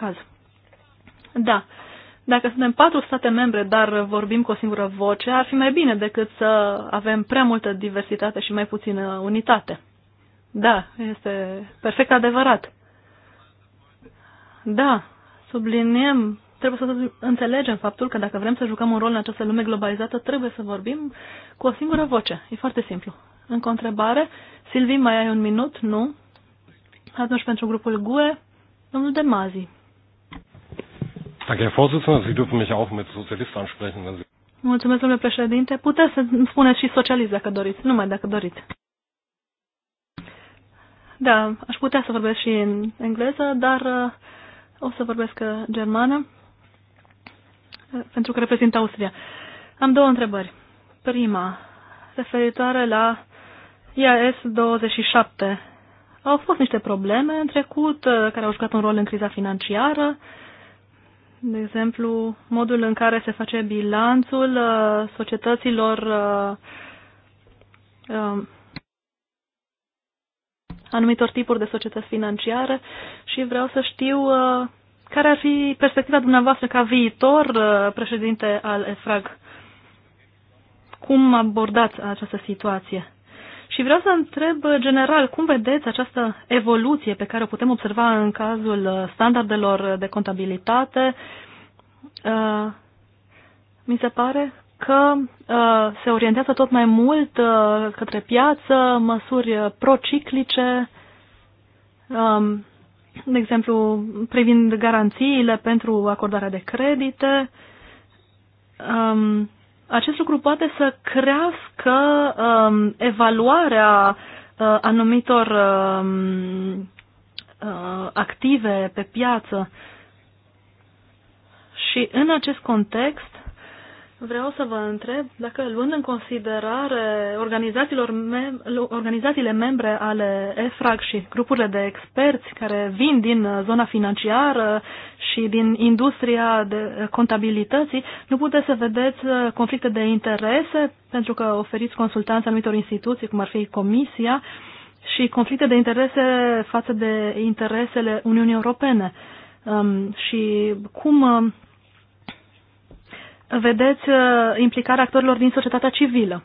caz. Da, dacă suntem patru state membre, dar vorbim cu o singură voce, ar fi mai bine decât să avem prea multă diversitate și mai puțină unitate. Da, este perfect adevărat. Da, subliniem, trebuie să înțelegem faptul că dacă vrem să jucăm un rol în această lume globalizată, trebuie să vorbim cu o singură voce. E foarte simplu. În întrebare. Silvi, mai ai un minut? Nu? Atunci pentru grupul GUE, domnul Demazi. Danke, Herr Vorsitzender. Sie dürfen mich auch mit Sozialist ansprechen, wenn Sie... Mulțumesc, domnule președinte. Puteți să spuneți și socialist dacă doriți, numai dacă doriți. Da, aș putea să vorbesc și în engleză, dar uh, o să vorbesc uh, germană, uh, pentru că reprezint Austria. Am două întrebări. Prima, referitoare la IAS 27. Au fost niște probleme în trecut uh, care au jucat un rol în criza financiară. Uh, de exemplu, modul în care se face bilanțul uh, societăților uh, uh, anumitor tipuri de societăți financiare și vreau să știu care ar fi perspectiva dumneavoastră ca viitor președinte al EFRAG. Cum abordați această situație? Și vreau să întreb uh, general, cum vedeți această evoluție pe care o putem observa în cazul uh, standardelor de contabilitate? Uh, mi se pare că se orientează tot mai mult către piață, măsuri prociclice, um, de exemplu, privind garanțiile pentru acordarea de credite, um, acest lucru poate să crească um, evaluarea uh, anumitor um, uh, active pe piață. Și în acest context, Vreau să vă întreb dacă, luând în considerare organizațiilor mem organizațiile membre ale EFRAG și grupurile de experți care vin din uh, zona financiară și din industria de uh, contabilității, nu puteți să vedeți uh, conflicte de interese pentru că oferiți consultanță anumitor instituții, cum ar fi Comisia, și conflicte de interese față de interesele Uniunii Europene. Um, și cum vedeți uh, implicarea actorilor din societatea civilă?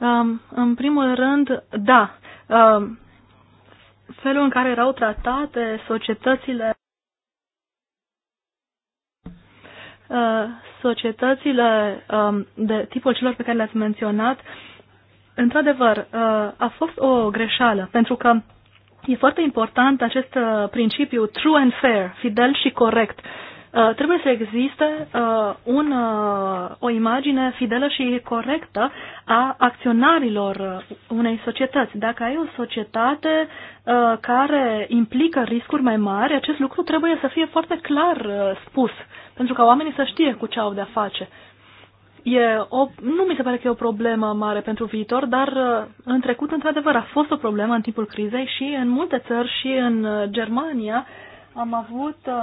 Um, în primul rând, da, um, felul în care erau tratate societățile uh, societățile um, de tipul celor pe care le-ați menționat, într-adevăr, uh, a fost o greșeală, pentru că E foarte important acest uh, principiu true and fair, fidel și corect. Uh, trebuie să existe uh, un, uh, o imagine fidelă și corectă a acționarilor uh, unei societăți. Dacă ai o societate uh, care implică riscuri mai mari, acest lucru trebuie să fie foarte clar uh, spus, pentru ca oamenii să știe cu ce au de-a face. Uh, e o, nu mi se pare că e o problemă mare pentru viitor, dar uh, în trecut, într-adevăr, a fost o problemă în timpul crizei și în multe țări și în uh, Germania am avut uh,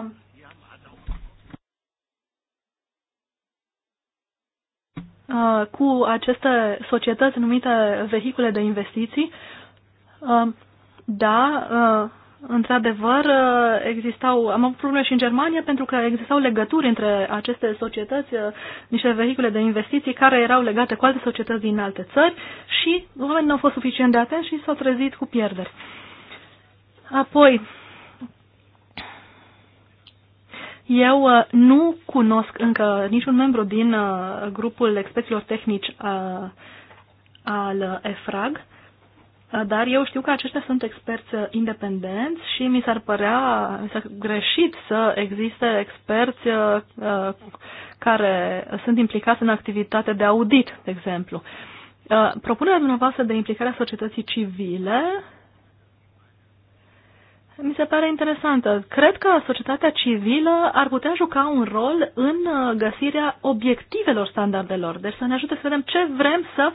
cu aceste societăți numite vehicule de investiții, da, Într-adevăr, uh, existau, am avut probleme și în Germania pentru că existau legături între aceste societăți, uh, niște vehicule de investiții care erau legate cu alte societăți din alte țări și oamenii nu au fost suficient de atenți și s-au trezit cu pierderi. Apoi, eu uh, nu cunosc încă niciun membru din grupul experților tehnici al EFRAG, dar eu știu că aceștia sunt experți independenți și mi s-ar părea mi s-ar greșit să existe experți uh, care sunt implicați în activitate de audit, de exemplu. Uh, propunerea dumneavoastră de implicarea societății civile mi se pare interesantă. Cred că societatea civilă ar putea juca un rol în uh, găsirea obiectivelor standardelor. Deci să ne ajute să vedem ce vrem să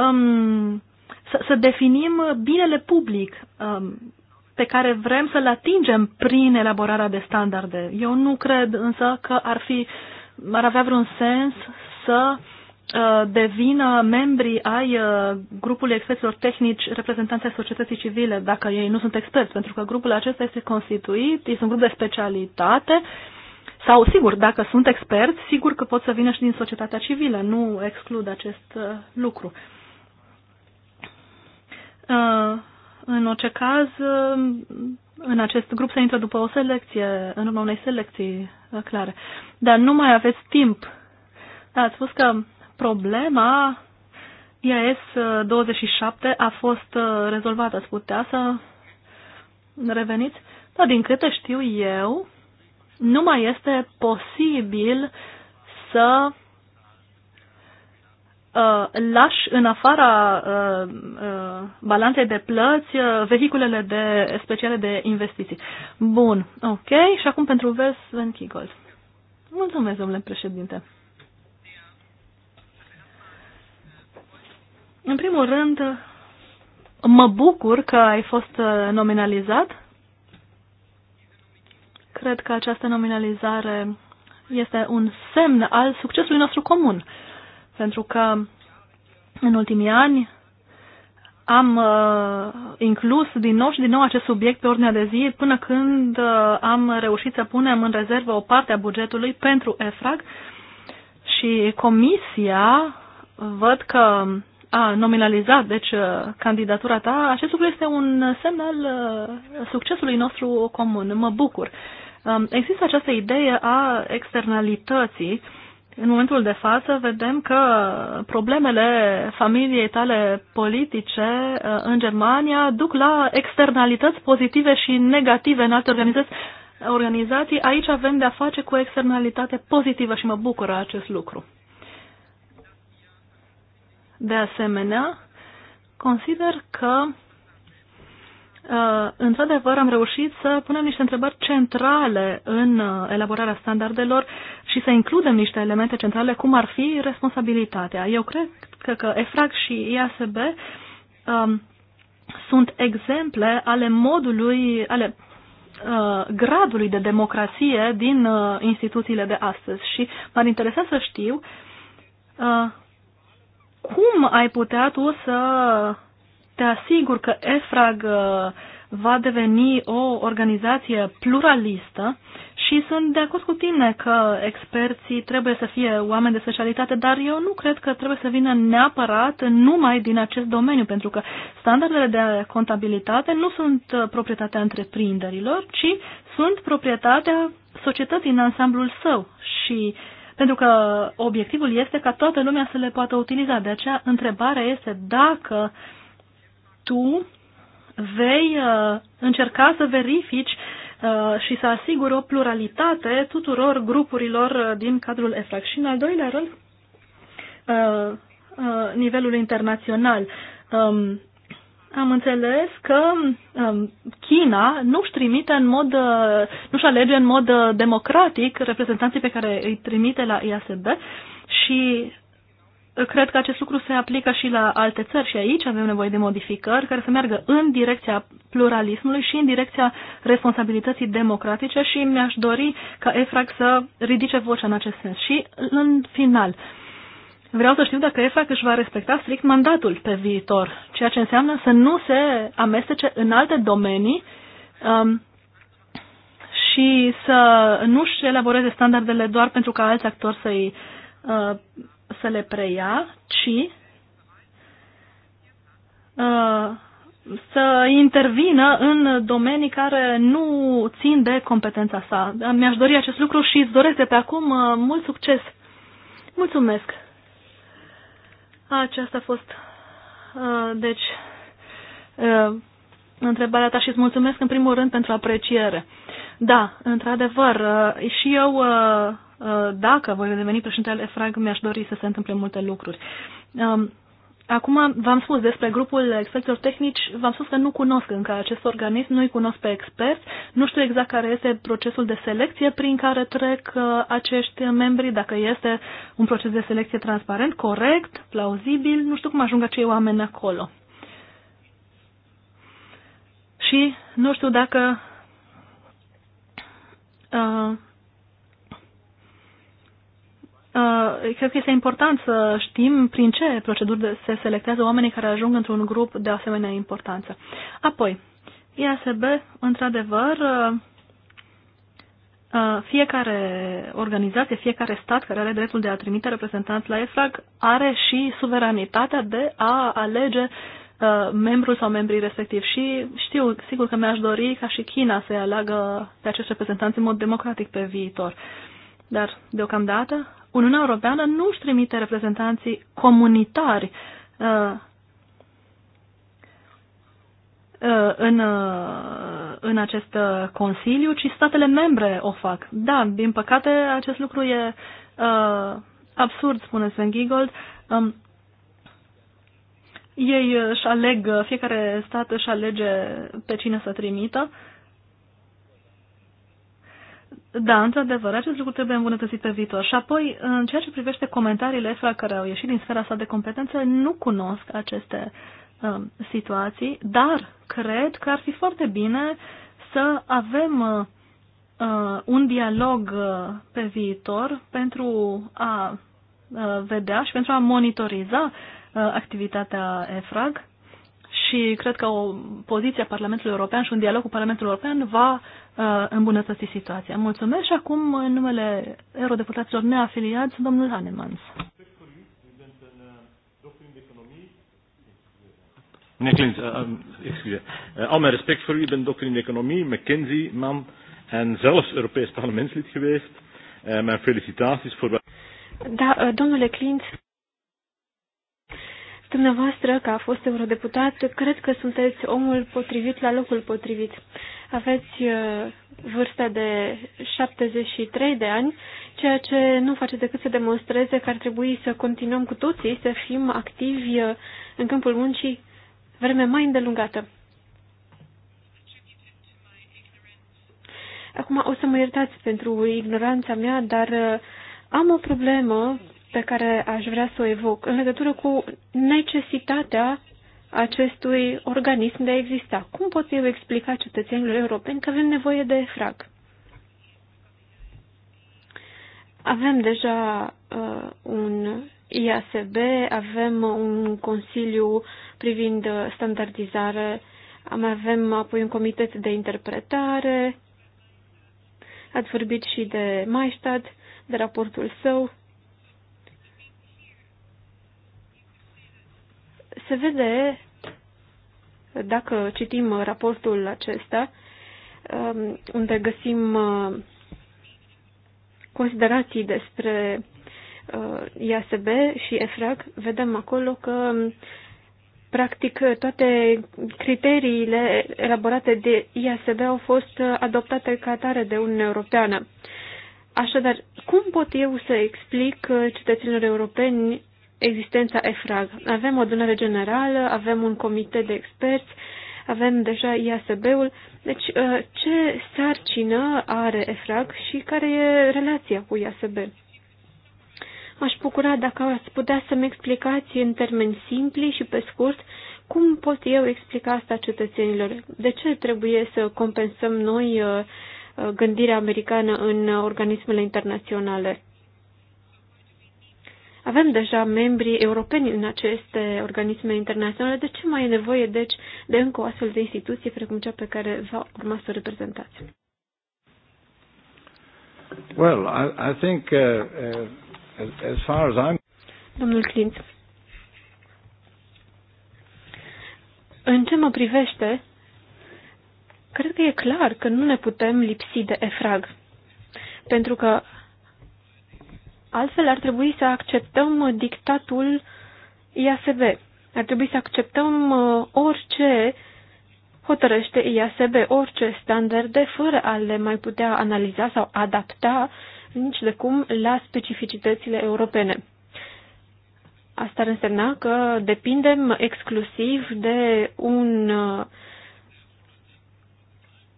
um, să, să definim binele public um, pe care vrem să-l atingem prin elaborarea de standarde. Eu nu cred însă că ar, fi, ar avea vreun sens să uh, devină membri ai uh, grupului experților tehnici reprezentanții societății civile, dacă ei nu sunt experți, pentru că grupul acesta este constituit, este un grup de specialitate sau, sigur, dacă sunt experți, sigur că pot să vină și din societatea civilă, nu exclud acest uh, lucru. Uh, Uh, în orice caz, uh, în acest grup se intră după o selecție, în urma unei selecții uh, clare. Dar nu mai aveți timp. Da, ați spus că problema IAS 27 a fost rezolvată. Ați putea să reveniți? Dar din câte știu eu, nu mai este posibil să Uh, lași în afara uh, uh, balanței de plăți vehiculele de, speciale de investiții. Bun, ok. Și acum pentru vers Sven Kigold. Mulțumesc, domnule președinte. În primul rând, mă bucur că ai fost nominalizat. Cred că această nominalizare este un semn al succesului nostru comun. Uh, pentru că în ultimii ani am uh, inclus din nou și din nou acest subiect pe ordinea de zi până când uh, am reușit să punem în rezervă o parte a bugetului pentru EFRAG și comisia văd că a nominalizat, deci, uh, candidatura ta. Acest lucru este un semn al uh, succesului nostru comun. Mă bucur. Um, există această idee a externalității în momentul de față vedem că problemele familiei tale politice uh, în Germania duc la externalități pozitive și negative în alte organizații. organizații. Aici avem de-a face cu externalitate pozitivă și mă bucură acest lucru. De asemenea, consider că uh, într-adevăr am reușit să punem niște întrebări centrale în uh, elaborarea standardelor și să includem niște elemente centrale, cum ar fi responsabilitatea. Eu cred că, că EFRAG și IASB um, sunt exemple ale modului, ale uh, gradului de democrație din uh, instituțiile de astăzi și m-ar interesa să știu uh, cum ai putea tu să te asiguri că EFRAG uh, va deveni o organizație pluralistă și sunt de acord cu tine că experții trebuie să fie oameni de specialitate, dar eu nu cred că trebuie să vină neapărat numai din acest domeniu, pentru că standardele de contabilitate nu sunt uh, proprietatea întreprinderilor, ci sunt proprietatea societății în ansamblul său. Și pentru că obiectivul este ca toată lumea să le poată utiliza. De aceea, întrebarea este dacă tu vei uh, încerca să verifici uh, Uh, și să asigură o pluralitate tuturor grupurilor uh, din cadrul EFRAC. Și în al doilea rând, uh, nivelul internațional. Um, am înțeles că um, China nu-și trimite în mod, nu-și alege în mod democratic reprezentanții pe care îi trimite la IASB și cred că acest lucru se aplică și la alte țări și aici avem nevoie de modificări care să meargă în direcția pluralismului și în direcția responsabilității democratice și mi-aș dori ca EFRAG să ridice vocea în acest sens. Și în final, vreau să știu dacă EFRAG își va respecta strict mandatul pe viitor, ceea ce înseamnă să nu se amestece în alte domenii um, și să nu-și elaboreze standardele doar pentru ca alți actori să-i uh, să le preia, ci uh, să intervină în domenii care nu țin de competența sa. Mi-aș dori acest lucru și îți doresc de pe acum uh, mult succes. Mulțumesc! Aceasta a fost, uh, deci, uh, întrebarea ta și îți mulțumesc în primul rând pentru apreciere. Da, într-adevăr, și eu Uh, dacă voi deveni al EFRAG, mi-aș dori să se întâmple multe lucruri. Um, acum v-am spus despre grupul experților tehnici, v-am spus că nu cunosc încă acest organism, nu-i cunosc pe experți, nu știu exact care este procesul de selecție prin care trec uh, acești membri, dacă este un proces de selecție transparent, corect, plauzibil, nu știu cum ajung acei oameni acolo. Și nu știu dacă uh, Uh, cred că este important să știm prin ce proceduri se selectează oamenii care ajung într-un grup de asemenea importanță. Apoi, ISB, într-adevăr, uh, uh, fiecare organizație, fiecare stat care are dreptul de a trimite reprezentanți la EFRAG are și suveranitatea de a alege membrul sau membrii respectiv și știu, sigur că mi-aș dori ca și China să-i aleagă pe acești reprezentanți în mod democratic pe viitor. Dar, deocamdată, Uniunea Europeană nu își trimite reprezentanții comunitari uh, uh în, uh, în acest uh, Consiliu, ci statele membre o fac. Da, din păcate, acest lucru e uh, absurd, spune Sven Giegold. Um, ei își aleg, fiecare stat își alege pe cine să trimită. Uh, da, într-adevăr, acest lucru trebuie îmbunătățit pe viitor. Și apoi, în ceea ce privește comentariile EFRA care au ieșit din sfera sa de competență, nu cunosc aceste um, situații, dar cred că ar fi foarte bine să avem uh, uh un dialog uh, pe viitor pentru a uh, vedea și pentru a monitoriza uh, activitatea EFRAG și cred că o poziție a Parlamentului European și un dialog cu Parlamentul European va Uh, îmbunătăți situația. Mulțumesc și acum în numele eurodeputaților neafiliați, domnul Hanemans. Meneer uh, um, uh, al mijn respect voor u, ik ben doctor in de economie, McKenzie-man en zelfs Europees parlementslid geweest. mijn felicitaties voor... Da, domnule Clint, dumneavoastră, că a fost eurodeputat, cred că sunteți omul potrivit la locul potrivit aveți uh, vârsta de 73 de ani, ceea ce nu face decât să demonstreze că ar trebui să continuăm cu toții să fim activi uh, în câmpul muncii vreme mai îndelungată. Acum o să mă iertați pentru ignoranța mea, dar uh, am o problemă pe care aș vrea să o evoc în legătură cu necesitatea acestui organism de a exista. Cum pot eu explica cetățenilor europeni că avem nevoie de frag Avem deja uh, un IASB, avem un consiliu privind standardizare, mai avem apoi un comitet de interpretare, ați vorbit și de Maistad, de raportul său. Se vede dacă citim raportul acesta, um, unde găsim uh, considerații despre uh, IASB și EFRAG, vedem acolo că um, practic toate criteriile elaborate de IASB au fost adoptate ca atare de Uniunea Europeană. Așadar, cum pot eu să explic uh, cetățenilor europeni existența EFRAG. Avem o adunare generală, avem un comitet de experți, avem deja IASB-ul. Deci, uh, ce sarcină are EFRAG și care e relația cu IASB? M-aș bucura dacă ați putea să-mi explicați în termeni simpli și pe scurt cum pot eu explica asta cetățenilor. De ce trebuie să compensăm noi uh, uh, gândirea americană în organismele internaționale? Avem deja membri europeni în aceste organisme internaționale, de ce mai e nevoie, deci, de încă o astfel de instituție precum cea pe care va urma să o reprezentați? Well, I, I think uh, uh, as, as far as I'm... Domnul Clint, în ce mă privește, cred că e clar că nu ne putem lipsi de EFRAG, pentru că Altfel ar trebui să acceptăm dictatul IASB. Ar trebui să acceptăm uh, orice hotărăște IASB, orice standarde, fără a le mai putea analiza sau adapta nici de cum la specificitățile europene. Asta ar însemna că depindem exclusiv de un uh,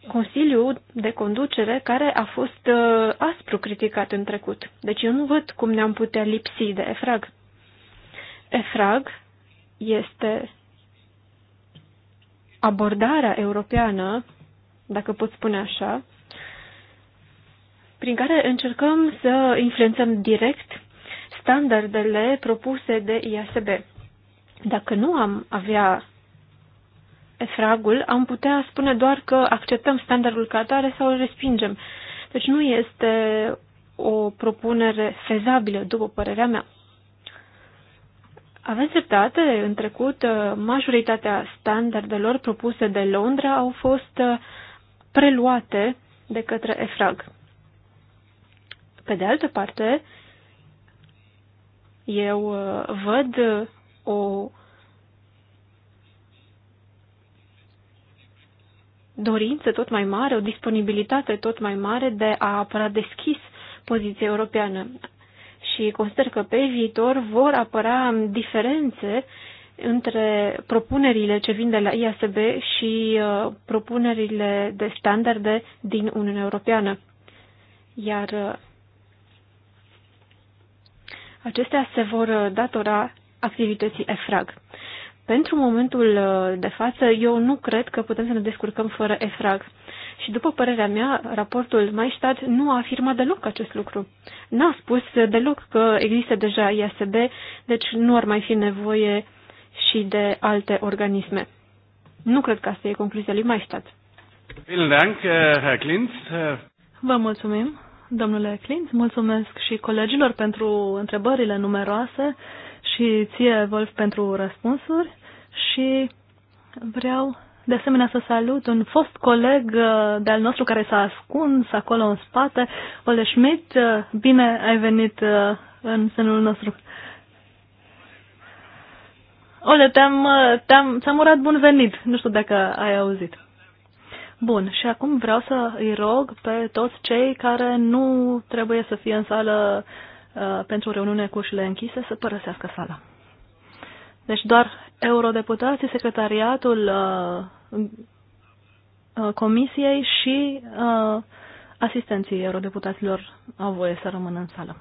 Consiliu de conducere care a fost uh, aspru criticat în trecut. Deci eu nu văd cum ne-am putea lipsi de EFRAG. EFRAG este abordarea europeană, dacă pot spune așa, prin care încercăm să influențăm direct standardele propuse de IASB. Dacă nu am avea efragul, am putea spune doar că acceptăm standardul ca atare sau îl respingem. Deci nu este o propunere fezabilă, după părerea mea. Aveți dreptate, în trecut uh, majoritatea standardelor propuse de Londra au fost uh, preluate de către EFRAG. Pe de altă parte, eu uh, văd o dorință tot mai mare, o disponibilitate tot mai mare de a apăra deschis poziția europeană. Și consider că pe viitor vor apăra diferențe între propunerile ce vin de la IASB și uh, propunerile de standarde din Uniunea Europeană. Iar uh, acestea se vor uh, datora activității EFRAG. Pentru momentul uh, de față, eu nu cred că putem să ne descurcăm fără EFRAG. Și după părerea mea, raportul Maistat nu a afirmat deloc acest lucru. N-a spus deloc că există deja ISB, deci nu ar mai fi nevoie și de alte organisme. Nu cred că asta e concluzia lui Maistat. Uh, Vă mulțumim, domnule Clint. Mulțumesc și colegilor pentru întrebările numeroase și ție, Wolf, pentru răspunsuri și vreau de asemenea să salut un fost coleg uh, de-al nostru care s-a ascuns acolo în spate, Ole Schmidt. Uh, bine ai venit uh, în sânul nostru. Ole, te-am, te-am, ți-am urat bun venit. Nu știu dacă ai auzit. Bun, și acum vreau să îi rog pe toți cei care nu trebuie să fie în sală uh, Uh, pentru reuniune cu ușile închise să părăsească sala. Deci doar eurodeputații, secretariatul uh, uh, comisiei și asistenții eurodeputaților au voie să rămână în sală.